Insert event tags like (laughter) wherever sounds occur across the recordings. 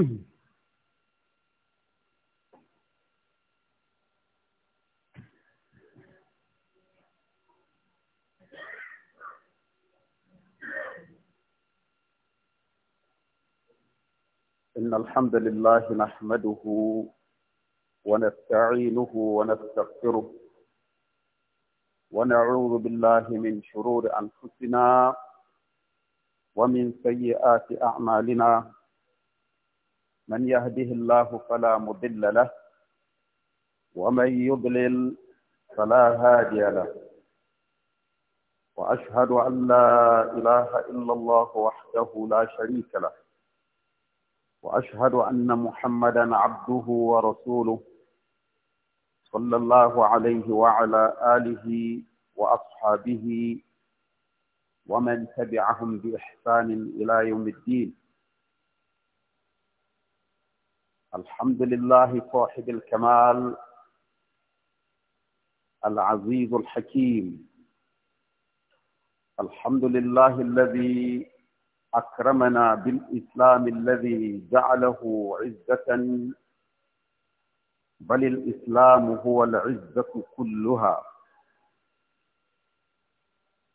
(clears throat) إن الحمد لله نحمده ونستعينه ونستغفره ونعوذ بالله من شرور أنفسنا ومن سيئات أعمالنا من يهده الله فلا مضل له ومن يضلل فلا هادي له وأشهد أن لا إله إلا الله وحده لا شريك له وأشهد أن محمدا عبده ورسوله صلى الله عليه وعلى آله وأصحابه ومن تبعهم بإحسان إلى يوم الدين الحمد لله صاحب الكمال العزيز الحكيم الحمد لله الذي أكرمنا بالإسلام الذي جعله عزة بل الإسلام هو العزة كلها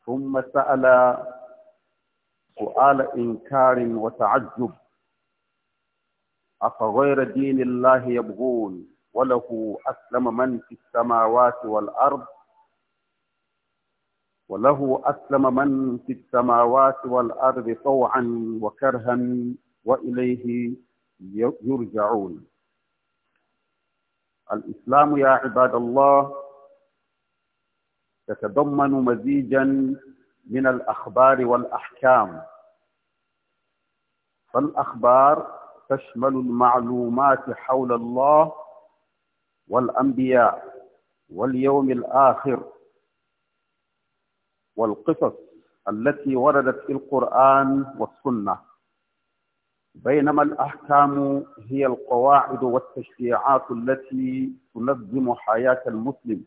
ثم سأل سؤال إنكار وتعجب أفغير دين الله يبغون وله أسلم من في السماوات والأرض وله أسلم من في السماوات والأرض طوعا وكرها وإليه يرجعون الإسلام يا عباد الله يتضمن مزيجا من الأخبار والأحكام فالأخبار تشمل المعلومات حول الله والأنبياء واليوم الآخر والقصص التي وردت في القرآن والسنة بينما الأحكام هي القواعد والتشريعات التي تنظم حياة المسلم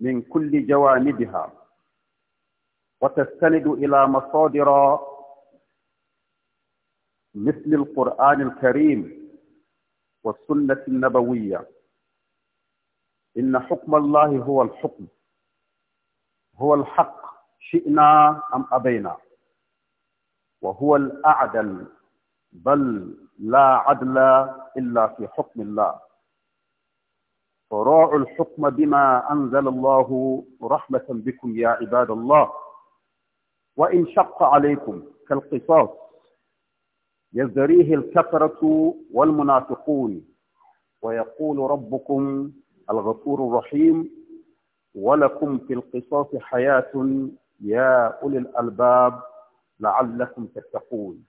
من كل جوانبها وتستند إلى مصادر مثل القرآن الكريم والسنة النبوية إن حكم الله هو الحكم هو الحق شئنا أم أبينا وهو الأعدل بل لا عدل إلا في حكم الله فراعوا الحكم بما أنزل الله رحمة بكم يا عباد الله وإن شق عليكم كالقصاص يزدريه الكفرة والمنافقون ويقول ربكم الغفور الرحيم ولكم في القصاص حياة يا أولي الألباب لعلكم تتقون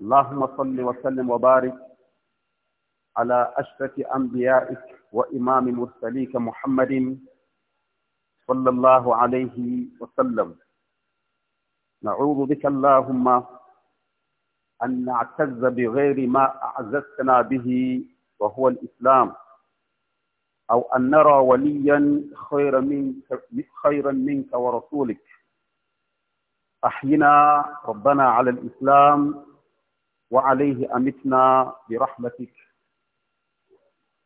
اللهم صل وسلم وبارك على أشرف أنبيائك وإمام مرسليك محمد صلى الله عليه وسلم نعوذ بك اللهم أن نعتز بغير ما أعززتنا به وهو الإسلام أو أن نرى وليا خيرا منك خيرا منك ورسولك أحينا ربنا على الإسلام وعليه أمتنا برحمتك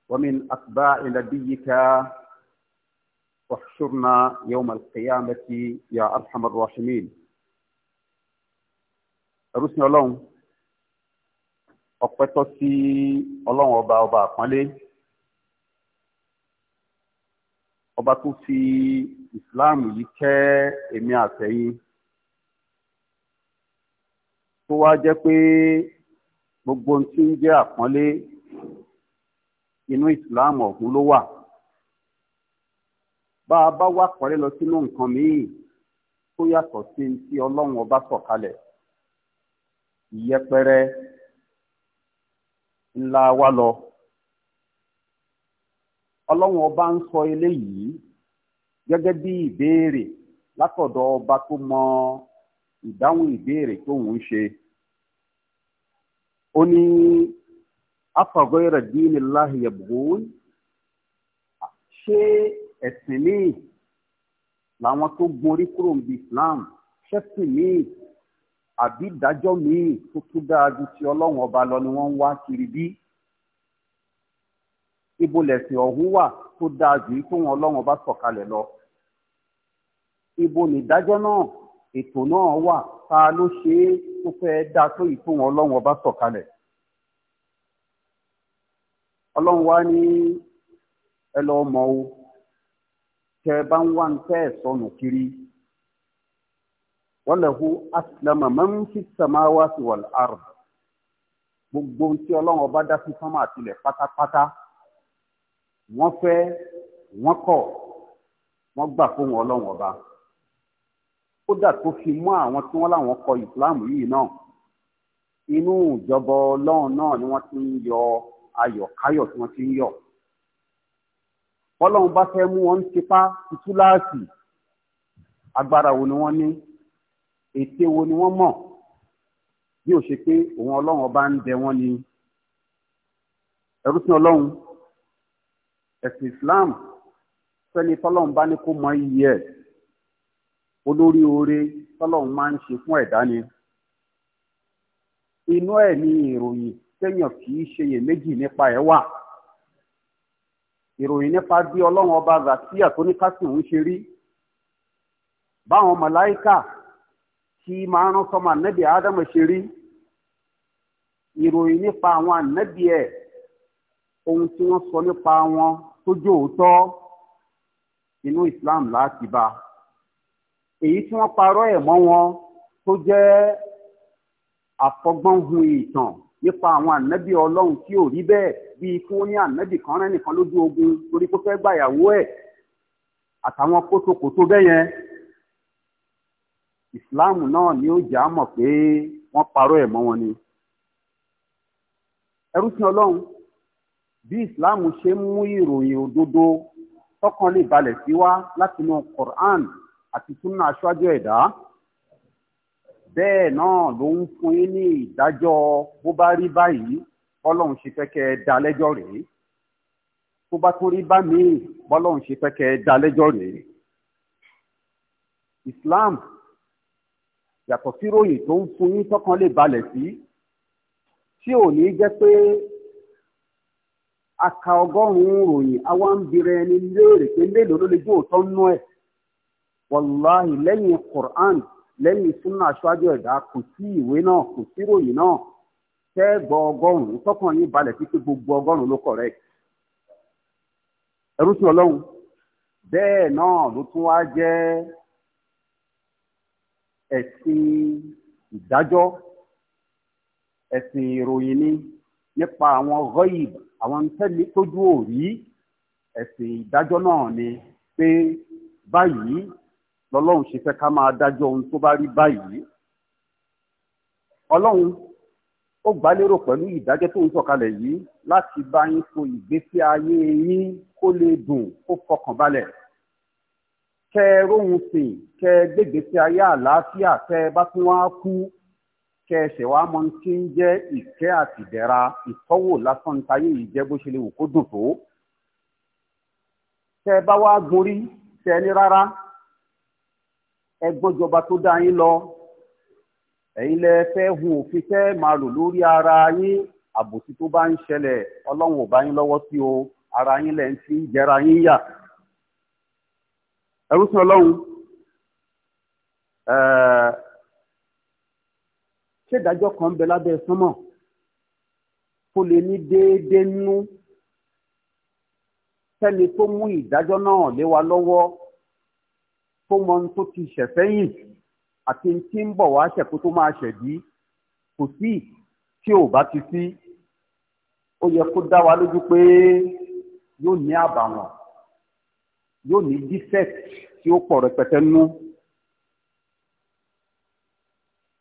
ومن أتباع نبيك واحشرنا يوم القيامة يا أرحم الراحمين أرسنا لهم ọpẹ́ tọ́ sí ọlọ́run ọba ọba àpọ́nlé ọba tó fi islam yìí kẹ́ èmi àtẹ̀yìn tó wá jẹ́ pé gbogbo ohun tí ń jẹ́ inú islam ọ̀hún ló wà bá a bá wà lọ sínú nǹkan míì tó yàtọ̀ sí ti ọlọ́run ọba sọkalẹ. ìyẹpẹrẹ ńlá wa lọ ọlọ́run ọba ń sọ eléyìí gẹ́gẹ́ bí ìbéèrè ọba tó mọ ìdáhùn ìbéèrè ń ó ní afagọ́yẹ̀rẹ̀ díìnì láhìyẹ̀bùgbòún ṣé ẹ̀sìn míì làwọn tó gborí kúrò ń bi Islam ṣẹ́sìn míì àbí míì tó tún dáa ju ti ọba lọ ni wọ́n ń wá kiri bí ibo wà ọba lọ ibo náà ètò náà ta ló ṣe é tó fẹ́ dá tó ìtòhun ọlọ́run ọba sọ̀kalẹ̀ ọlọ́run wá ní ẹ lọ mọ o tẹ bá ń wá nǹkan ẹ̀ sọnù kiri wọ́n lẹ̀hu asilama mẹ́mú sí samawati wal ard gbogbo tí ọlọ́run ọba dá sí sánmà àtìlẹ̀ pátápátá wọ́n fẹ́ wọ́n kọ̀ wọ́n gbà fóun ọlọ́run ọba kódà tó fi mú àwọn tí wọ́n láwọn kọ ìsìláàmù yìí náà inú ìjọba ọlọ́run náà ni wọ́n ti ń yọ ayọ̀káyọ̀ tí wọ́n ti ń yọ̀ bọ́lọ́run bá fẹ́ mú wọn tipa titúláàsì agbára wo ni wọ́n ní ète wo ni wọ́n mọ̀ bí ó ṣe pé òun ọlọ́run ọba ń bẹ wọ́n ni ẹrú sí ọlọ́run ẹ̀sìn Islam fẹ́ni tọ́lọ́run bá ní kó mọ iyì ẹ̀ olórí oore tọ́lọ́run máa ń ṣe fún ẹ̀dá ni inú ẹ̀ ni ìròyìn téèyàn kì í ṣeyèméjì nípa ẹ̀ wà ìròyìn nípa bí ọlọ́run ọba zakia tó ní kásìn ń ṣe rí báwọn màláíkà tí máa rán sọmọ ànẹ́bí ádámù ṣe rí ìròyìn nípa àwọn ànẹ́bí ẹ̀ ohun tí wọ́n sọ nípa wọn tó jòótọ́ inú Islam láti bá a èyí tí wọ́n parọ́ ẹ̀ mọ́ wọn tó jẹ́ àfọgbọ́nhun ìtàn nípa àwọn ànábì ọlọ́run tí ò rí bẹ́ẹ̀ bíi kí wọ́n ní ànábì kan rẹ́ nìkan lójú ogun torí pé fẹ́ gbàyàwó ẹ̀ àtàwọn kótókótó bẹ́ẹ̀ yẹn islam náà ni ó jà á mọ̀ pé wọ́n parọ́ ẹ̀ mọ́ wọn ni. ẹrú sí ọlọ́run bí islam ṣe ń mú ìròyìn òdodo tọkàn lè balẹ̀ sí wa látinú Quran àti súnà aṣáájú ẹ̀dá bẹ́ẹ̀ náà ló ń fún yín ní ìdájọ́ bó bá rí báyìí bọ́lọ́run ṣe fẹ́ kẹ́ ẹ dá lẹ́jọ́ rèé tó bá tó rí bá mi bọ́lọ́run ṣe fẹ́ kẹ́ ẹ dá lẹ́jọ́ rèé Islam yàtọ̀ sí ròyìn tó ń fún yín tọ́kàn lè balẹ̀ sí tí ò ní jẹ́ pé a ọgọ́rùn-ún ròyìn àwa ń bira ẹni léèrè pé mélòó ló lè jó òótọ́ nú ẹ̀ wàláhì lẹ́yìn quran lẹ́yìn sunna aṣáájú ẹ̀dá kò sí ìwé náà kò sí ròyìn náà tẹ́ gbọ́ ọgọ́rùn-ún tọkàn yín balẹ̀ títí gbogbo ọgọ́rùn-ún ló correct ẹrú sí ọlọ́run bẹ́ẹ̀ náà ló tún wá jẹ́ ẹ̀sìn ìdájọ́ ẹ̀sìn ìròyìn ni nípa àwọn ghaib àwọn tẹ́lẹ̀ tójú òrí ẹ̀sìn ìdájọ́ náà ni pé báyìí lọ́lọ́run ṣe fẹ́ ká máa dájọ́ ohun tó bá rí báyìí ọlọ́run ó gbálérò pẹ̀lú ìdájọ́ tó ń sọ̀kalẹ̀ yìí láti bá yín so ìgbésí ayé yín kó lè dùn kó fọkàn balẹ̀ kẹ ẹ róhun sìn kẹ ẹ gbégbèsí ayé àlàáfíà kẹ bá tún wá kú kẹ ẹ ṣẹ̀wá mọ tí ń jẹ́ ìkẹ́ àtìdẹ́ra ìtọ́wò lásán táyé yìí jẹ́ bó ṣe lè wù kó dùn tó kẹ bá wá gorí kẹ ní rárá ẹgbọ́jọba tó dá yín lọ ẹ̀yin lẹ fẹ́ hun òfin fẹ́ máa ara yín àbòsí tó bá ń ṣẹlẹ̀ ọlọ́run ò bá lọ́wọ́ sí o ara yín lẹ ń fi jẹra yín yà ẹrú sí ọlọ́run kan bẹ lábẹ́ sánmọ̀ kó lè ní déédéé nínú sẹ́ni tó mú tó mọ ohun tó ti ṣẹ̀ sẹ́yìn àti ohun tí ń bọ̀ wá ṣẹ̀kú tó máa ṣẹ̀dí kò sí tí ò bá ti sí ó yẹ kó dá wa lójú pé yóò ní àbàwọ́n yóò ní defect tí ó pọ̀ rẹpẹtẹ nú.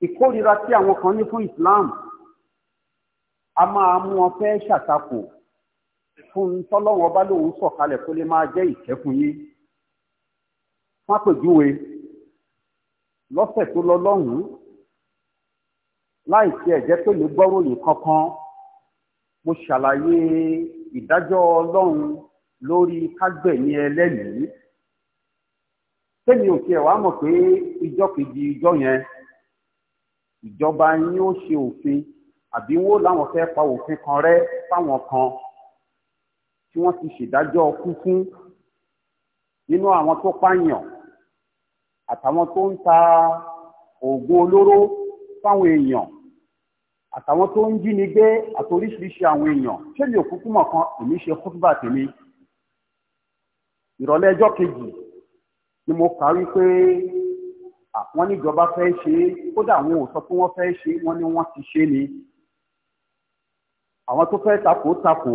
ìkórira tí àwọn kan ní fún Islam a máa mú wọn fẹ́ ṣàtakò fún tọ́lọ́wọ́n bá lòun sọ̀kalẹ̀ kó lè máa jẹ́ ìkẹ́kùn yìí fápèjúwe lọ́sẹ̀ tó lọ lọ́hùn-ún láì tiẹ̀ jẹ́ pé mi gbọ́ròyìn kankan mo ṣàlàyé ìdájọ́ ọlọ́run lórí kágbẹ̀mí ẹlẹ́mìí tẹ́mi ò tiẹ̀ wá mọ̀ pé ìjọ kejì ìjọ yẹn ìjọba yín ó ṣe òfin àbí wó láwọn fẹ́ pa òfin kan rẹ́ fáwọn kan tí wọ́n ti ṣèdájọ́ kú fún nínú àwọn tó pààyàn àtàwọn tó ń ta oògùn olóró fáwọn èèyàn àtàwọn tó ń jíni gbé àtòríṣiríṣi àwọn èèyàn ṣé mi ò kúkú mọ̀ kan èmi ṣe kútùbà tèmi ìrọ̀lẹ́ ẹjọ́ kejì ni mo kà wípé wọ́n níjọba fẹ́ ṣe é kódà àwọn ò sọ pé wọ́n fẹ́ ṣe é wọ́n ní wọ́n ti ṣe é ni àwọn tó fẹ́ takò takò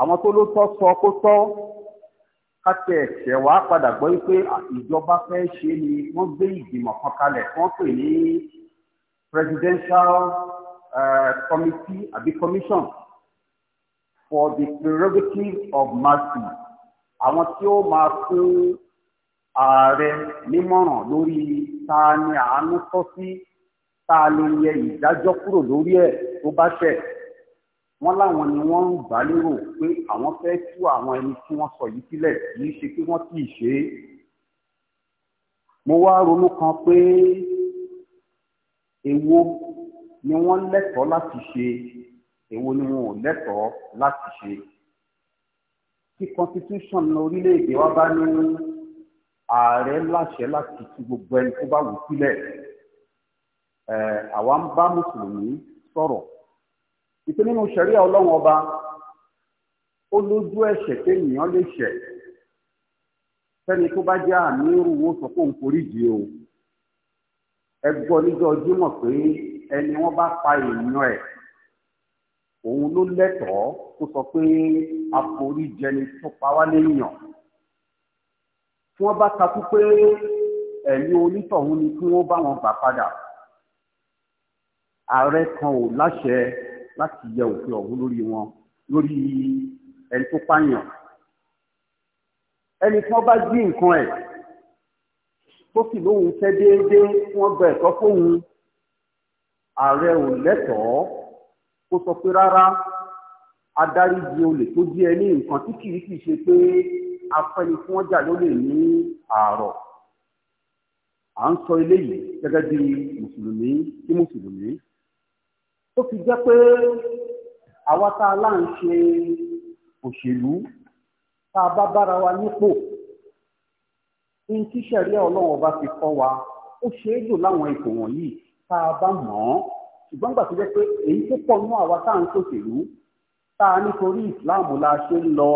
àwọn tó ló tọ́ sọ kó tọ́ káti ẹ̀sẹ̀ wá padà gbọ́ wípé ìjọba fẹ́ ṣe ni wọ́n gbé ìgbìmọ̀ kan kalẹ̀ wọ́n pè ní presidential uh, committee àbí commission for the prerogative of mercy àwọn tí ó máa fún ààrẹ nímọ̀ràn lórí ta ni àánú tọ́ sí ta lè yẹ ìdájọ́ kúrò lórí ẹ̀ tó bá ṣẹ̀ wọ́n láwọn ni wọ́n ń gbà lérò pé àwọn fẹ́ tú àwọn ẹni tí wọ́n sọ yìí sílẹ̀ kì í ṣe pé wọ́n kì í ṣe é mo wá ronú kan pé èwo ni wọ́n lẹ́tọ̀ọ́ láti ṣe èwo ni wọn ò lẹ́tọ̀ọ́ láti ṣe tí constitution orílẹ̀-èdè wa bá ní ààrẹ láṣẹ láti tú gbogbo ẹni tó bá wù sílẹ̀ àwa ń bá mùsùlùmí sọ̀rọ̀ ìpín nínú sẹ̀ríà ọlọ́run ọba ó lójú ẹ̀ṣẹ̀ kéèyàn lè ṣẹ̀ fẹ́ni tó bá jẹ́ àmì irúwó sọ pé òun foríjì o ẹ gbọ́ níjọ́ jímọ̀ pé ẹni wọ́n bá pa èèyàn ẹ̀ òun ló lẹ́tọ̀ọ́ tó sọ pé àforíjẹni tó pa wá léèyàn tí wọ́n bá takú pé ẹ̀mí onítọ̀hún ni kí wọ́n bá wọn gbà padà ààrẹ kan ò láṣẹ láti yẹ òfin ọ̀hún lórí wọn lórí ẹni tó pààyàn ẹni tí wọ́n bá jí nǹkan ẹ̀ tó sì lóhun fẹ́ déédéé wọ́n gba ẹ̀tọ́ fóun ààrẹ ò lẹ́tọ̀ọ́ kó sọ pé rárá adarí di olè tó jí ẹ ní nǹkan tí kìí kìí ṣe pé afẹ́ni tí wọ́n jà ló lè ní àárọ̀ à ń sọ eléyìí gẹ́gẹ́ bí mùsùlùmí sí mùsùlùmí tó fi jẹ́ pé àwa tá a lá ń ṣe òṣèlú tá a bá bára wa nípò ní tíṣẹ̀rí ọlọ́wọ́ bá ti kọ́ wa ó ṣe é lò láwọn ipò wọ̀nyí tá a bá mọ̀ ọ́n ṣùgbọ́n gbà tó jẹ́ pé èyí tó pọ̀ nú àwa tá à ń ṣòṣèlú tá a nítorí ìsìláàmù la ṣe ń lọ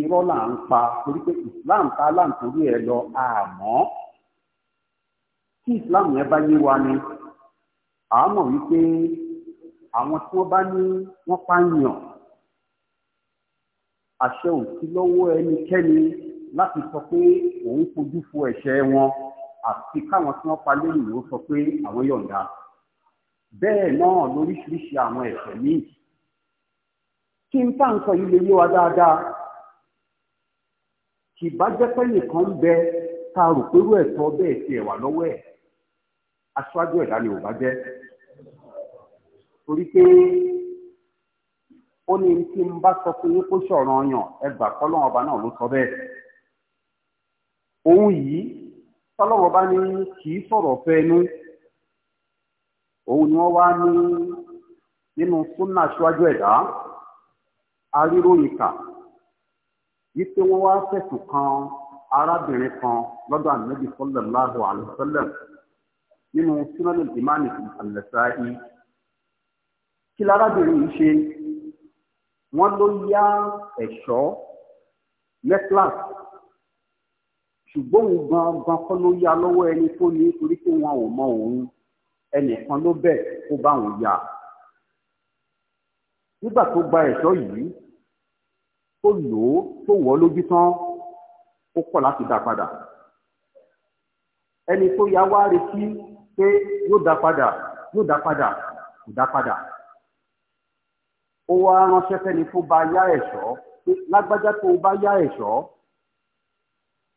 irọ́ là ń pa torí pé islam tá a láǹtorí ẹ lọ àmọ́ tí islam yẹn bá yé wa ni àmọ́ wípé àwọn tí wọ́n bá ní wọ́n pààyàn àṣẹ ò sí lọ́wọ́ ẹnikẹ́ni láti sọ pé òun fojú fo ẹ̀ṣẹ̀ wọn àti káwọn tí wọ́n pa lẹ́yìn ló sọ pé àwọn yọ̀ǹda bẹ́ẹ̀ náà lóríṣiríṣi àwọn ẹ̀ṣẹ̀ míì kí n tá à sọ yìí lè yé wa dáadáa kì bá jẹ́ pé nìkan ń bẹ ta rò pérú ẹ̀tọ́ bẹ́ẹ̀ tiẹ̀ wà lọ́wọ́ ẹ̀ aṣáájú ẹ̀dá ni ò bá jẹ́ torí pé ó ní tí n bá sọ pé kó sọ̀rọ̀ ọyàn ẹgbà kọ́lọ́wọ́ ọba náà ló sọ bẹ́ẹ̀. òun yìí tọ́lọ́wọ́ ọba ní kì í sọ̀rọ̀ fẹ́ẹ́nu òun ni wọ́n wá ní nínú súnà síwájú ẹ̀dá aríròyìn kà wípé wọ́n wá fẹ̀sùn kan arábìnrin kan lọ́dọ̀ ànábì sallallahu alaihi wasallam nínú súnà lè dìmánì àlẹ́sáì kí lárábìnrin yìí ṣe wọ́n ló yá ẹ̀ṣọ́ necklace ṣùgbọ́n òun gangan kọ́ ló yá lọ́wọ́ ẹni tó ní torí pé wọn ò mọ òun ẹnìkan ló bẹ̀ kó bá òun yá nígbà tó gba ẹ̀ṣọ́ yìí tó lò ó tó wọ́ lójú tán ó kọ̀ láti dá padà ẹni tó yá wá retí pé yóò dá padà yóò dá padà kò dá padà ó wá ránṣẹ́ fẹ́ni tó bá yá ẹ̀ṣọ́ lágbájá tó bá yá ẹ̀ṣọ́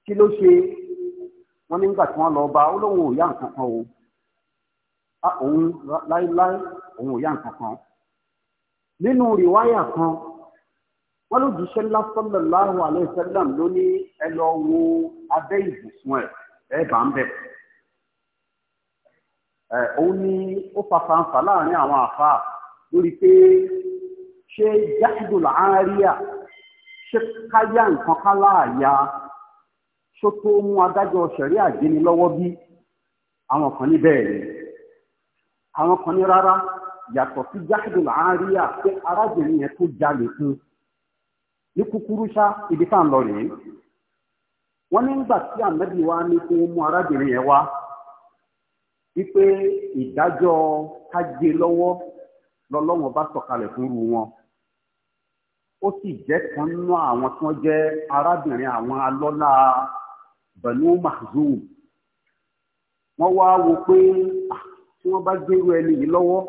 kí ló ṣe wọ́n nígbà tí wọ́n lọ bá ó lóun ò yá nǹkan kan o òun láéláé òun ò yá nǹkan kan nínú rìwáyà kan wọ́n ló jíṣẹ́ ńlá sallallahu alaihi wasallam ló ní ẹ lọ wo abẹ́ ìbùsùn ẹ̀ ẹ bá ń bẹ̀. òun ni ó fa fanfà láàrin àwọn àfa lórí pé ṣe jáàdùl àáríà ṣe káyà nǹkan ká láàyà ṣó tó mú adájọ́ ṣẹ̀rí àgbéni lọ́wọ́ bí àwọn kan ní bẹ́ẹ̀ àwọn kan ní rárá yàtọ̀ sí jáàdùl àáríà pé arábìnrin yẹn tó jalè fún ní kúkúrú ṣá ibi tá à ń lọ rèé wọ́n nígbà tí ànábì wa ní kó mú arábìnrin yẹn wá wípé ìdájọ́ lọ́wọ́ lọ́lọ́wọ́n wọn. ó sì jẹ́ kan awon àwọn tí wọ́n jẹ́ arábìnrin àwọn alọ́lá mazu. Mahzum wọ́n wá wo pé tí wọ́n bá gbérú ẹni yìí lọ́wọ́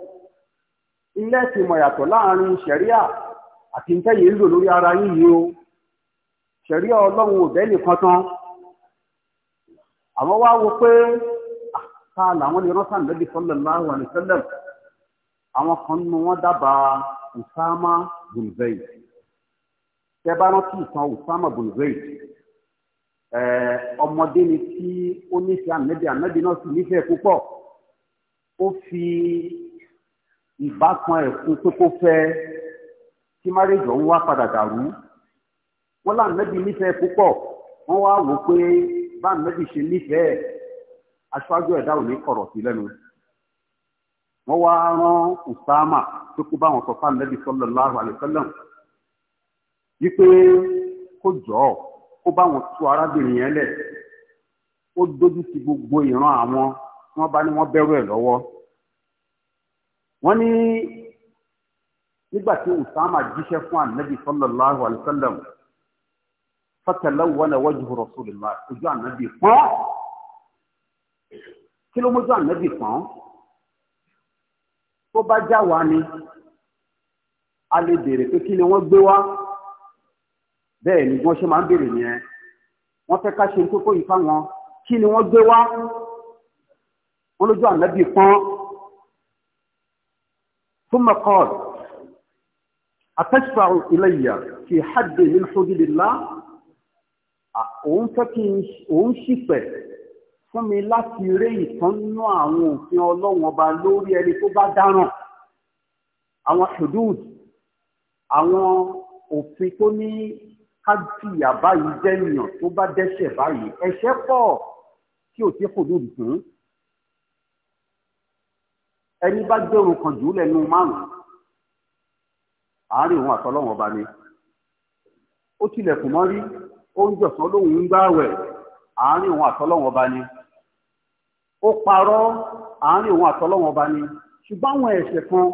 ilé ti mọ̀ yàtọ̀ láàrin ṣẹ̀ríà àti ntẹ́yìn ń ara yín yìí o ṣẹ̀ríà ọlọ́run ò bẹ́ẹ̀ nìkan tán àwọn wá wo pé ká làwọn lè rán sàǹdẹ́bí sallallahu alaihi wasallam àwọn kan wọn dábàá tẹ bá rántí ìtàn Usama bin Zayd ọmọdé ni tí ó nífẹ̀ẹ́ ànábì ànábì náà sì nífẹ̀ẹ́ púpọ̀ ó fi ìbátan ẹ̀kún tó kó fẹ́ tí márèjì ọ̀hún wá padà dàrú wọ́n lá ànábì nífẹ̀ẹ́ púpọ̀ wọ́n wá wò pé bá ànábì ṣe nífẹ̀ẹ́ aṣáájú ẹ̀dá ò ní kọ̀rọ̀ sí lẹ́nu wọ́n wá rán Usama tó kó bá wọn sọ fún ànábì sallallahu alaihi wasallam wípé kó jọ kó bá wọn tú arábìnrin yẹn lẹ̀ ó dójú ti gbogbo ìran àwọn tí wọ́n bá ní wọ́n bẹ̀rù ẹ̀ lọ́wọ́ wọ́n ní nígbà tí usama jíṣẹ́ fún anabi sallallahu alayhi wa sallam fatalawwala wajhu rasulillah ojú anabi pọ́n kí ló mójú anabi pọ́n tó bá já wa ni a lè béèrè pé kí ni wọ́n gbé wá bẹ́ẹ̀ ni wọ́n ṣe máa ń béèrè nìyẹn wọ́n fẹ́ ká ṣe ń kókó yìí fáwọn kí ni wọ́n gbé wá wọ́n lójú ànábì pọ́n fún mccord atẹ́sífà iléyà fi hajj ní ṣojúlélá òun fẹ́ kí òun ṣìpẹ̀ fún mi láti ré ìtọ́nú àwọn òfin ọlọ́wọ́n ọba lórí ẹni tó bá dáràn àwọn hudud àwọn òfin tó ní kájìyà báyìí jẹ́nìyàn tó bá dẹ́ṣẹ̀ báyìí ẹ̀ṣẹ̀ pọ̀ tí ò ti kòdó dùn. ẹni bá gbẹ̀rùn kan jù lẹ́nu márùn-ún àárín òun àtọ́lọ́wọ̀n ọba ni ó tilẹ̀kùn mọ́ rí oúnjẹ ọ̀sán lòun ń gbààwẹ̀ àárín òun àtọ́lọ́wọ̀n ọba ni ó parọ́ àárín òun àtọ́lọ́wọ̀n ọba ni ṣùgbọ́n àwọn ẹ̀ṣẹ̀ kan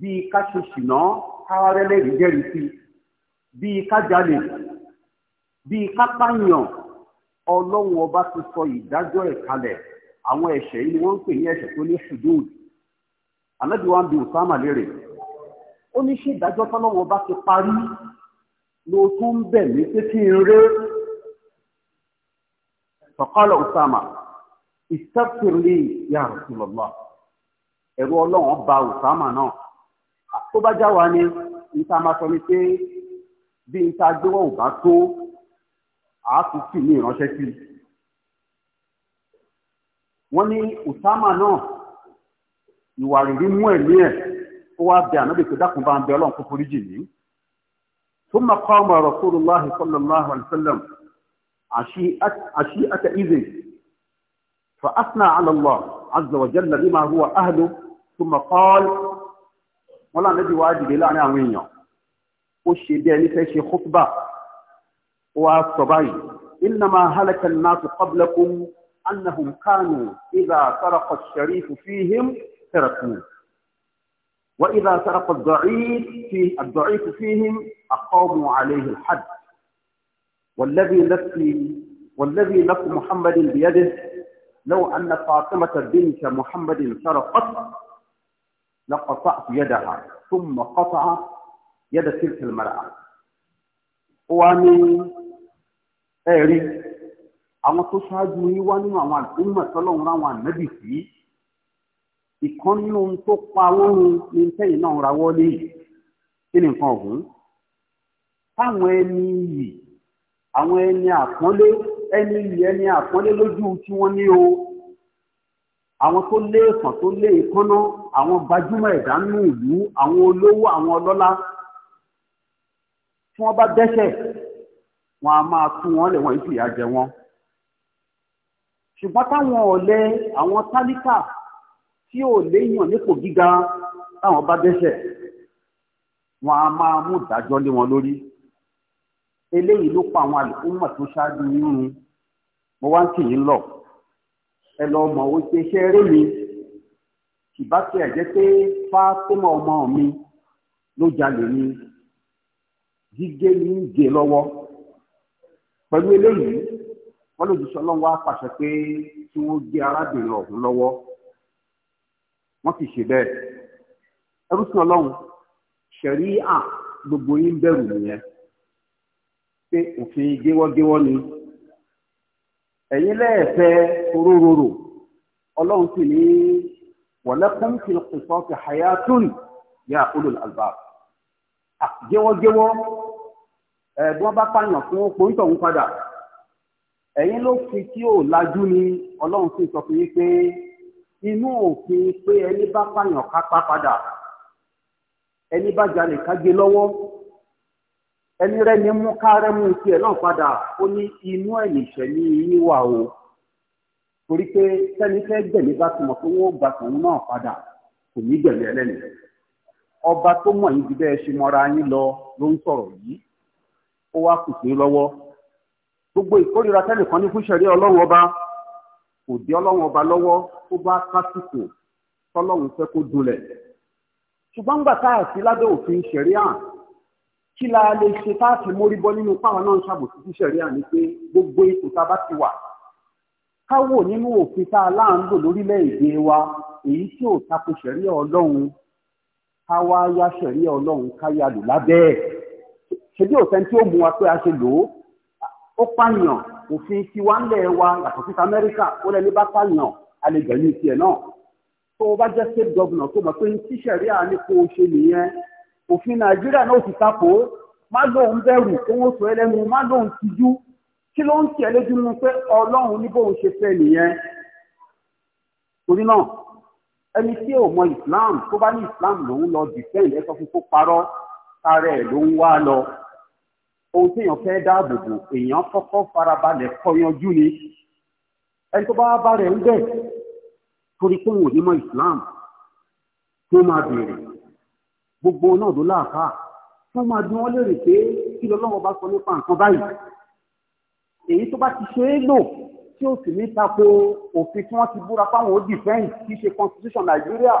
bíi ká ṣe ṣìnà káwárẹ́lẹ́rìí jẹ́rìí sí i bíi kájàlè bíi kápáyàn ọlọ́run ọba ti sọ ìdájọ́ ẹ̀ kalẹ̀ àwọn ẹ̀ṣẹ̀ yìí ni wọ́n ń pè ní ẹ̀ṣẹ̀ tó ní ṣùdúùd ń bi Usama léèrè ó ní ìdájọ́ tọ́lọ́run ọba ti parí ló tún bẹ̀ mí Usama ya Rasulullah ẹ̀rù ọlọ́run ba Usama náà tó bá já bí n ta gbéwọ̀ ò bá tó àátúntì ní ìránṣẹ́ sí i. wọ́n ní Usama náà ìwà rírí mú ẹ̀mí ẹ̀ ó wá bẹ ànábì pé dákun bá ń bẹ ọlọ́run kó foríjì ní. ثم قام رسول الله صلى الله عليه وسلم عشيئة, عشيئة إذن فأثنى على الله ó ṣe bí ẹni fẹ́ ṣe khutba ó wá sọ báyìí innama halaka an-nasu qablakum annahum kanu idha saraqa ash-sharifu fihim tarakuhu wa idha saraqa ad-da'if fi ad-da'if fihim aqamu alayhi al-hadd والذي نفسي والذي نفس محمد بيده لو أن فاطمة بنت محمد سرقت لقطعت يدها ثم قطع yadda tilkil mara ó wá ní ẹ̀rí àwọn tó ṣáájú yín wá nínú àwọn àdúgbò tọ́lọ́run ráwọn ànábì sí ìkan nínú ohun tó pa wọ́n ní tẹ́yìn náà rawọ́ léyìí kí ni nǹkan ọ̀hún táwọn ẹni yìí àwọn ẹni àpọ́nlé ẹni ẹni àpọ́nlé lójú tí wọ́n ní o àwọn tó lé ẹ̀sán tó lé ìkánná àwọn gbajúmọ̀ ẹ̀dá nínú ìlú àwọn olówó àwọn tí wọ́n bá dẹ́ṣẹ̀ wọn a máa tú wọn lè wọ́n ìfìyà jẹ wọn ṣùgbọ́n táwọn ọ̀lẹ àwọn tálíkà tí ò léèyàn nípò gíga táwọn bá dẹ́ṣẹ̀ wọn a máa mú ìdájọ́ lé wọn lórí eléyìí ló pa àwọn àlùkùmọ̀ tó ṣáájú yíyún mo wá ń kì í lọ ẹ lọ mọ̀ ó ṣe iṣẹ́ rí mi kì bá tiẹ̀ jẹ́ pé fátímọ̀ ọmọ mi ló jalè ni gígé ní ń gé lọ́wọ́ pẹ̀lú eléyìí wọ́n lòdì sọ́lọ́ wá pàṣẹ pé kí wọ́n gé arábìnrin ọ̀hún lọ́wọ́ wọ́n ti ṣe bẹ́ẹ̀ ẹrú sí ọlọ́run ṣẹ̀rí à gbogbo yín bẹ̀rù nìyẹn pé òfin géwọ́géwọ́ ni ẹ̀yin lẹ́ẹ̀fẹ́ orórorò ọlọ́run sì ní wọ̀lẹ́kùn fi ìsọ́ọ̀tì hayatun yá ulul albab jẹ́wọ́jẹ́wọ́ ẹ̀ bí wọ́n bá pààyàn fún pòǹtọ̀ ń padà ẹ̀yin ló fi tí ò lajú ni ọlọ́run sì sọ fún yín pé inú òfin pé ẹni bá pààyàn ká pa padà ẹni bá jalè ká gé lọ́wọ́ ẹni ni mú ká rẹ́mú tiẹ̀ náà padà ó ní inú ẹ̀ nìṣẹ̀lẹ̀ yín wà o torí pé sẹ́ni fẹ́ gbẹ̀mí bá ti mọ̀ pé wọ́n gbà tòun náà padà kò ní gbẹ̀mí ẹlẹ́nìí ọba tó mọ̀ yín ju bẹ́ẹ̀ ṣe mọ́ra yín lọ ló ń sọ̀rọ̀ yìí ó wá kù sí lọ́wọ́ gbogbo ìkórira tẹ́nìkan ní fún ṣẹ̀rí ọlọ́run ọba kò dé ọlọ́run ọba lọ́wọ́ ó bá kásìkò tọ́lọ́run fẹ́ kó dunlẹ̀ ṣùgbọ́n ńgbà tá a sí lábẹ́ òfin ṣẹ̀rí hàn kí la lè ṣe tá a fi mórí bọ́ nínú páwọn náà ń ṣàbòsí sí hàn ni pé gbogbo ipò tá a bá ti wà ká nínú òfin tá a láà ń lò lórílẹ̀-èdè wa èyí tí ò tako ṣẹ̀rí ọlọ́run ká wá yá sẹ̀rí ọlọ́run ká yá lò lábẹ́ ẹ̀ ṣebí òfin tí ó mú wa pé a ṣe lò ó ó pààyàn òfin tiwa ńlẹ̀ wa yàtọ̀ sí amẹ́ríkà ó lẹ́ni bá pààyàn a lè gbẹ̀yìn tiẹ̀ náà tó o bá jẹ́ state governor tó mọ̀ pé tí sẹ̀rí àní kó o ṣe nìyẹn òfin nàìjíríà náà ti tapò má lóun bẹ̀rù kó wọ́n sọ ẹlẹ́nu má lóun tijú kí ló ń tiẹ̀ lójú nínú pé ọlọ́run ní bóun ṣe fẹ́ nìyẹn torí náà ẹni tí ò mọ islam tó bá ní islam lòun lọ defend ẹ sọ fún kó parọ́ sáré ẹ̀ ló ń wá lọ ohun téèyàn fẹ́ dáàbò bò èèyàn kọ́kọ́ farabalẹ̀ kọyanjú ni ẹni tó bá bá rẹ̀ ń bẹ̀ torí pé òun ò ní mọ islam tó máa béèrè gbogbo náà ló láàfà tó máa bí wọ́n lérè pé kí lọ́lọ́wọ́ bá sọ nípa nǹkan báyìí èyí tó bá ti ṣe é lò tí ó sì ní tako òfin tí wọ́n ti búra fáwọn ó dìfẹ́ǹd tí í ṣe constitution nàìjíríà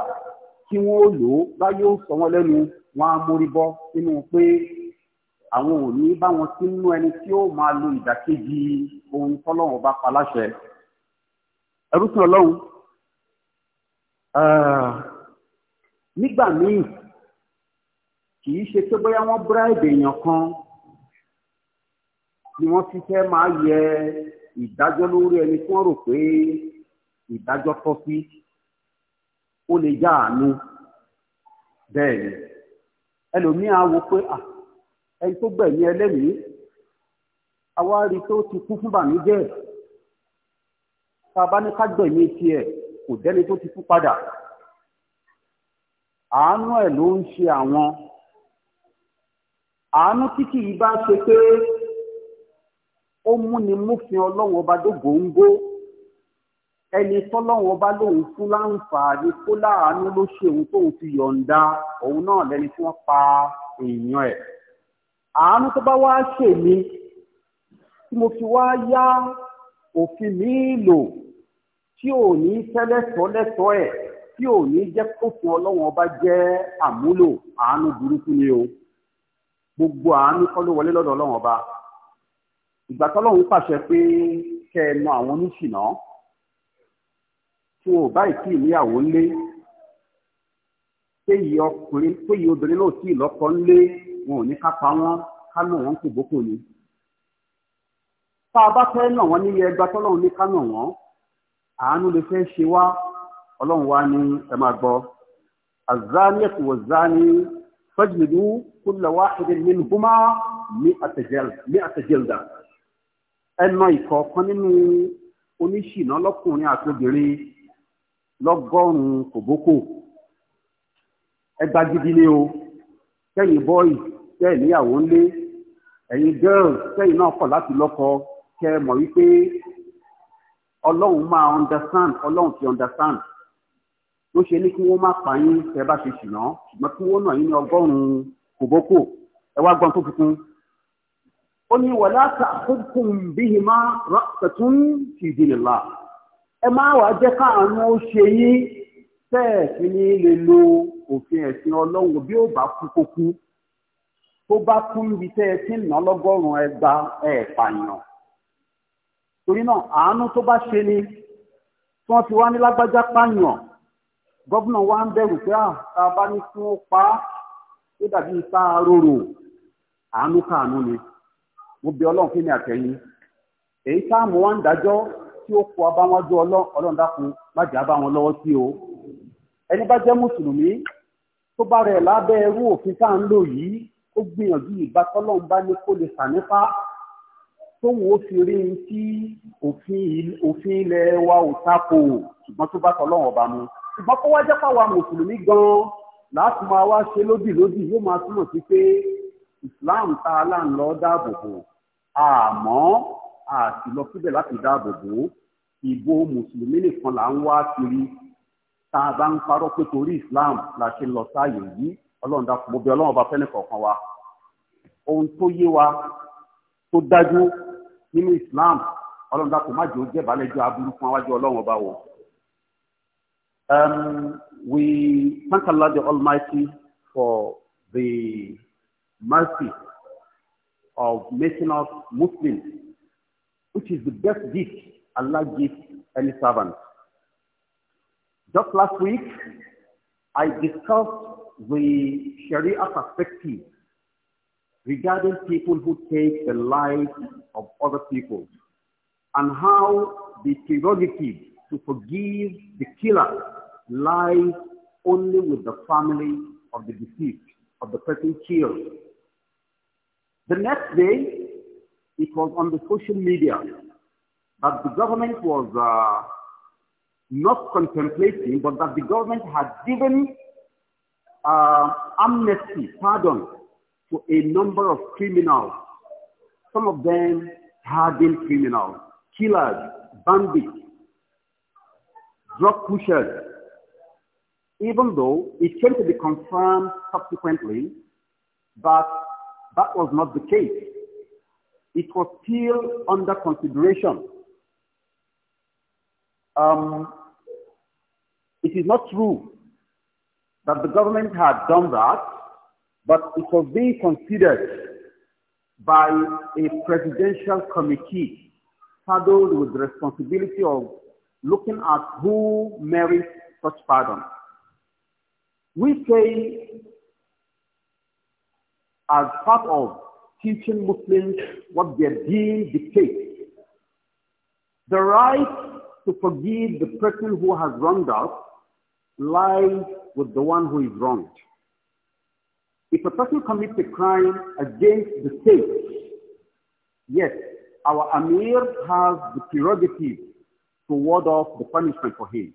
kí wọ́n ó lò ó báyìí ó sọ wọ́n lẹ́nu wọn á mórí bọ́ nínú pé àwọn ò ní bá wọn sí nínú ẹni tí ó máa lo ìdàkejì ohun tọ́lọ́run bá pa láṣẹ. ẹrú sí ọlọ́run nígbà míì kì í ṣe pé bóyá wọ́n búra èdè èèyàn kan ni wọ́n fi fẹ́ máa yẹ ìdájọ́ lórí ẹni tí wọ́n rò pé ìdájọ́ tọ́ sí ó lè já àánú bẹ́ẹ̀ ni ẹlòmíín á wo pé ẹni tó gbẹ̀mí ẹlẹ́mìí àwa rí i tó ti kú fún bàmíjẹ́ tá a bá ní ká gbẹ̀mí tiẹ̀ kò dẹ́ni tó ti kú padà àánú ẹ̀ ló ń ṣe àwọn àánú tí kì í bá ṣe pé ó múni múfin ọlọ́run ọba dó góńgó ẹni tọ́lọ́run ọba lòun fún láǹfààní kó láàánú ló ṣe òun tóun fi yọ̀ǹda òun náà lẹni tí wọ́n pa èèyàn ẹ̀ àánú tó bá wá ṣe mí tí mo fi wá yá òfin mi lò tí ò ní tẹ́lẹ̀tọ́ lẹ́tọ́ ẹ̀ tí ò ní jẹ́ kófin ọlọ́run ọba jẹ́ àmúlò àánú burúkú ni o gbogbo àánú kọ́ ló wọlé lọ́dọ̀ ọlọ́run ọba ìgbà tọ́lọ́run pàṣẹ pé kẹ́ ẹ na àwọn oníṣìná tí wọn ò báyìí tí ìníyàwó ńlé téyì ọkùnrin téyì obìnrin náà tí ìlọ́kọ ńlé wọn ò ní ká pa wọ́n ká nà wọ́n kò bókò ni. tá a bá fẹ́ nà wọ́n níyẹ ẹgbà ní ká wọ́n àánú lè fẹ́ ṣe wá ọlọ́run wá ní ẹ máa gbọ́ azani ẹ̀kúwọ̀ zani fajlidu kulla wahidin minhuma ní àtẹ̀jẹ̀lda ẹnà ìkọ̀ọ̀kan nínú oníṣìná lọ́kùnrin àti obìnrin lọ́gọ́rùn-ún kòbókò ẹgbà gidi ni o kẹ́yìn bọ́ọ̀ì kẹ́yìn níyàwó ńlé ẹ̀yin girls kẹ́yìn náà kọ̀ láti lọ́kọ kẹ́ ẹ mọ̀ wípé ọlọ́run máa understand ọlọ́run ti understand ló ṣe ní kí wọ́n má pa yín tẹ́ bá ṣe ṣìná ṣùgbọ́n kí wọ́n nà yín ní ọgọ́rùn-ún kòbókò ẹ wá gbọ́n tó fi kún ó ní wàlá ta'khudkum bihima ra'fatun fi ẹ máa wà jẹ́ káàánú ó ṣe yín bẹ́ẹ̀ ní lo òfin ẹ̀sìn ọlọ́run bí ó bá kú tó bá kú níbi tẹ́ ẹ ti lọ́gọ́rùn-ún ẹ̀ ni tí wọ́n wá ní lágbájá wa ń bẹ̀rù pé à ah, tá a bá ní kí wọ́n pa á ni. mo bẹ̀ ọlọ́run kí ni àtẹ̀yìn èyí táàmù wa ń dájọ́ tí ó kó abáwájú ọlọ́run dákun má jẹ́ abá wọn lọ́wọ́ sí o ẹni bá jẹ́ mùsùlùmí tó bá rẹ̀ lábẹ́ irú òfin tá à ń lò yìí ó gbìyànjú ìgbà tọ́lọ́run bá ní kó lè fà nípa tóun ó fi rí i tí òfin ilẹ̀ wa ò tako ṣùgbọ́n tó bá tọ́lọ́run ọba mu ṣùgbọ́n kó wá jẹ́ pàwa mùsùlùmí gan-an láti máa wá ṣe lódì lódì yóò máa túmọ̀ sí pé islam tá a láǹ dáàbò bò àmọ́ àti lọ síbẹ̀ láti dáàbò bò ìbò mùsùlùmí nìkan là ń wá kiri tá a bá ń parọ́ pé torí islam la ṣe lọ sáàyè yìí ọlọ́run dá mo bẹ̀ ọlọ́run ọba fẹ́ni kọ̀ọ̀kan wa ohun tó yé wa tó dájú nínú islam ọlọ́run dàpọ̀ má jẹ́ ó jẹ́ aburú fún awájú ọlọ́run ọba wọ. Um, we thank Allah the Almighty for the mercy of making us Muslims, which is the best gift Allah gives any servant. Just last week, I discussed the Sharia perspective regarding people who take the life of other people and how the prerogative to forgive the killer lies only with the family of the deceased, of the person killed. The next day, it was on the social media that the government was uh, not contemplating, but that the government had given uh, amnesty, pardon, to a number of criminals. Some of them had been criminals, killers, bandits, drug pushers. Even though it came to be confirmed subsequently that That was not the case. It was still under consideration. Um, it is not true that the government had done that, but it was being considered by a presidential committee saddled with the responsibility of looking at who merits such pardon. We say as part of teaching Muslims what their deen dictates. The right to forgive the person who has wronged us lies with the one who is wronged. If a person commits a crime against the state, yes, our Amir has the prerogative to ward off the punishment for him.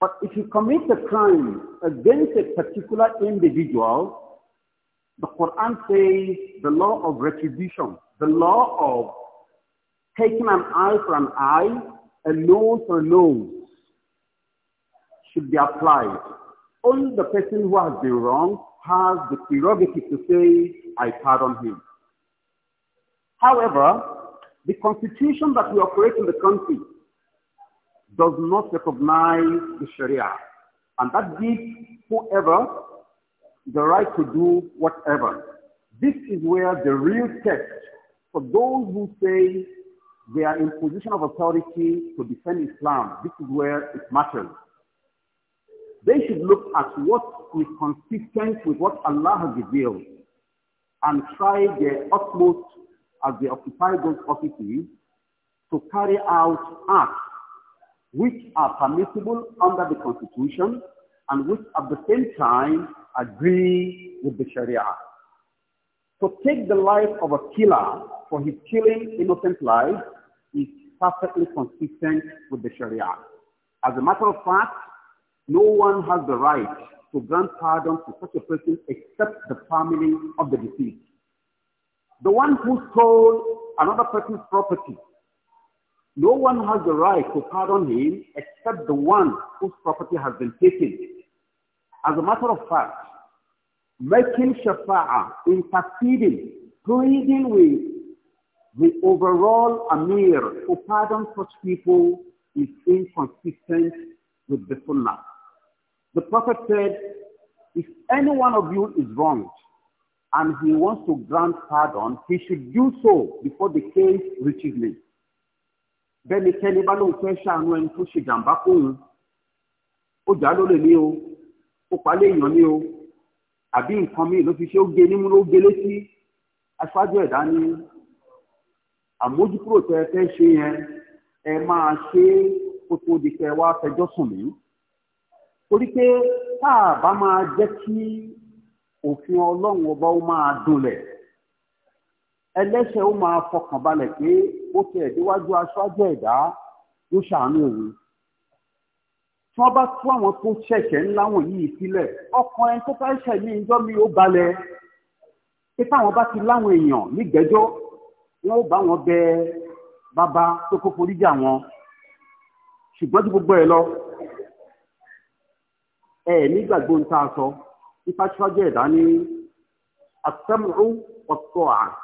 But if you commit a crime against a particular individual, the Quran says the law of retribution, the law of taking an eye for an eye, a nose for a nose should be applied. Only the person who has been wrong has the prerogative to say, I pardon him. However, the constitution that we operate in the country does not recognize the Sharia. And that gives whoever the right to do whatever. This is where the real test for those who say they are in position of authority to defend Islam, this is where it matters. They should look at what is consistent with what Allah has revealed and try their utmost as they occupy those offices to carry out acts which are permissible under the Constitution and which at the same time agree with the Sharia. So, take the life of a killer for his killing innocent lives is perfectly consistent with the Sharia. As a matter of fact, no one has the right to grant pardon to such a person except the family of the deceased. The one who stole another person's property no one has the right to pardon him except the one whose property has been taken. As a matter of fact, making shafa'ah, interceding, pleading with the overall Amir to pardon such people is inconsistent with the Sunnah. The Prophet said, if any one of you is wronged and he wants to grant pardon, he should do so before the case reaches me. bẹ́nikẹ́ni bá lóun fẹ́ ṣàánú ẹni tó ṣe jàǹbá fóun ó jà lólè ní o ó palẹ̀ èèyàn ní o àbí nǹkan míì ló fi ṣe ó gé nímú ló gé létí aṣáájú ẹ̀dá ní àmójúkúrò tẹ fẹ́ ṣe yẹn ẹ máa ṣe kó tó di kẹ wá fẹjọ́ sùn mí torí pé tá a bá máa jẹ́ kí òfin ọlọ́run ọba ó máa dunlẹ̀ ẹlẹ́ṣẹ̀ ó máa fọkàn balẹ̀ pé ó ti ẹ̀díwájú aṣáájú ẹ̀dá ló ṣàánú òun tí wọ́n bá tú àwọn tó ṣẹ̀ṣẹ̀ ńlá wọ̀nyí sílẹ̀ ọkàn ẹni tó fẹ́ ṣẹ̀ ní ìjọ́ mi ó balẹ̀ pé táwọn bá ti láwọn èèyàn nígbẹ́jọ́ wọn ó bá wọn bẹ bàbá tó kó forí wọn ṣùgbọ́n tí gbogbo ẹ̀ lọ ẹ̀ nígbàgbọ́ ń sọ ipa ẹ̀dá ní àtẹ́mùrú ọ̀tọ̀ àti.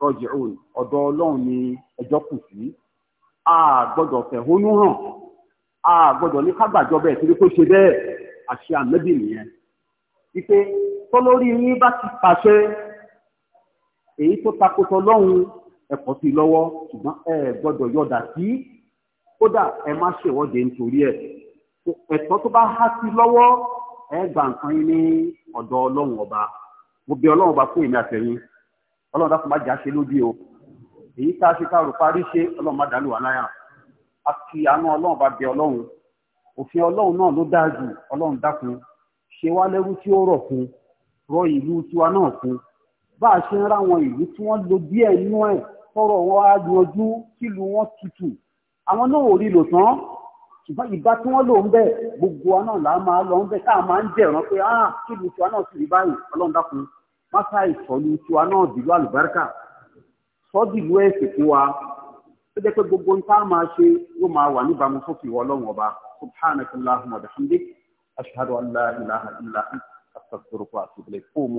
rọjìún ọ̀dọ̀ ọlọ́run ni ẹjọ́ kù sí a gbọ́dọ̀ fẹ̀hónú hàn a gbọ́dọ̀ ní kágbàjọba ẹ̀ torí kó ṣe bẹ́ẹ̀ àṣẹ ànábì nìyẹn wípé tọ́lórí yín bá ti pàṣẹ èyí tó takotọ lọ́hùn ẹ̀kọ́ sí lọ́wọ́ ṣùgbọ́n ẹ gbọ́dọ̀ yọ̀dà sí kódà ẹ má ṣèwọ́de nítorí ẹ̀ ẹ̀tọ́ tó bá há sí lọ́wọ́ ẹ gbà nǹkan yín ní ọ̀dọ̀ ọlọ́run ọba mo bẹ̀ ọlọ́run ọba fún èmi àtẹ̀yìn ọlọ́run dákun má jà ṣe lódì o èyí tá a ṣe ká rò parí ṣe ọlọ́run má dàlú wa láyà a fi àánú ọlọ́run bá bẹ ọlọ́run òfin ọlọ́run náà ló dáa jù ọlọ́run dákun ṣe wá lẹ́rú tí ó rọ̀ fún rọ ìlú tiwa náà fún bá a ṣe ń ráwọn ìlú tí wọ́n lo díẹ̀ nínú ẹ̀ tọrọ wọn á yanjú kílù wọn tutù àwọn náà ò rí lò tán ṣùgbọ́n ìbá tí wọ́n lò ń bẹ̀ gbogbo wa náà là á máa lọ ń bẹ̀ tá a máa ń jẹ̀ràn pé ah kílù tiwa náà sì rí báyìí ọlọ́run dákun mọ́sá ìsọ̀lù tiwa náà dìlú àlùbáríkà sọ́dìlú ẹ̀sìn fún wa ó jẹ́ pé gbogbo ń tá a máa ṣe yóò máa wà níbàámu sófin ìwọ ọlọ́run ọba subhanaka wa bihamdik ashhadu an la ilaha illa anta astaghfiruka wa atubu ilayk qumu